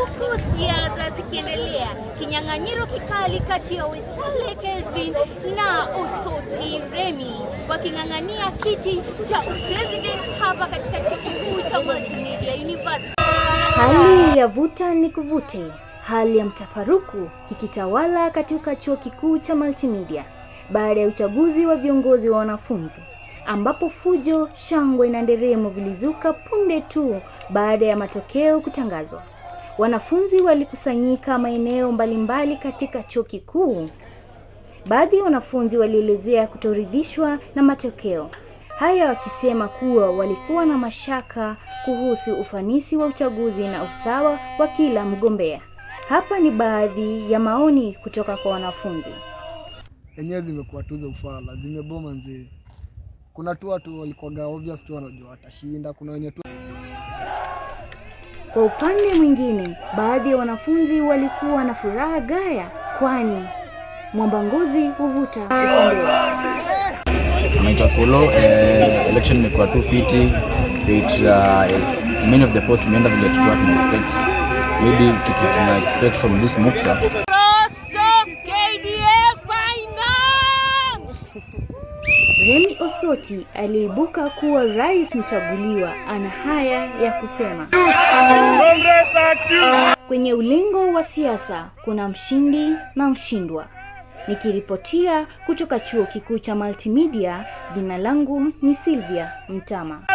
Huku siasa zikiendelea, kinyang'anyiro kikali kati ya Wesale Kelvin na Osoti Remi waking'ang'ania kiti cha president hapa katika chuo kikuu cha Multimedia University. Hali ya vuta ni kuvute, hali ya mtafaruku ikitawala katika chuo kikuu cha Multimedia baada ya uchaguzi wa viongozi wa wanafunzi ambapo fujo, shangwe na nderemo vilizuka punde tu baada ya matokeo kutangazwa. Wanafunzi walikusanyika maeneo mbalimbali katika chuo kikuu. Baadhi ya wanafunzi walielezea kutoridhishwa na matokeo haya wakisema kuwa walikuwa na mashaka kuhusu ufanisi wa uchaguzi na usawa wa kila mgombea. Hapa ni baadhi ya maoni kutoka kwa wanafunzi. Enyewe zimekuwa tu za ufala, zimeboma nzee. Kuna tu watu walikuwaga obvious tu wanajua watashinda, kuna wenye tu kwa upande mwingine, baadhi ya wanafunzi walikuwa na furaha gaya, kwani mwamba ngozi huvuta upande. Naitwa Kolo. Eh, election imekuwa tu fiti it uh, many of the posts imeenda vile tulikuwa tuna expect, maybe kitu tuna expect from this muksa. Rosso KDF finance Remi Osoti aliibuka kuwa rais mchaguliwa, ana haya ya kusema. Kwenye ulingo wa siasa kuna mshindi na mshindwa. Nikiripotia kutoka chuo kikuu cha Multimedia, jina langu ni Silvia Mtama.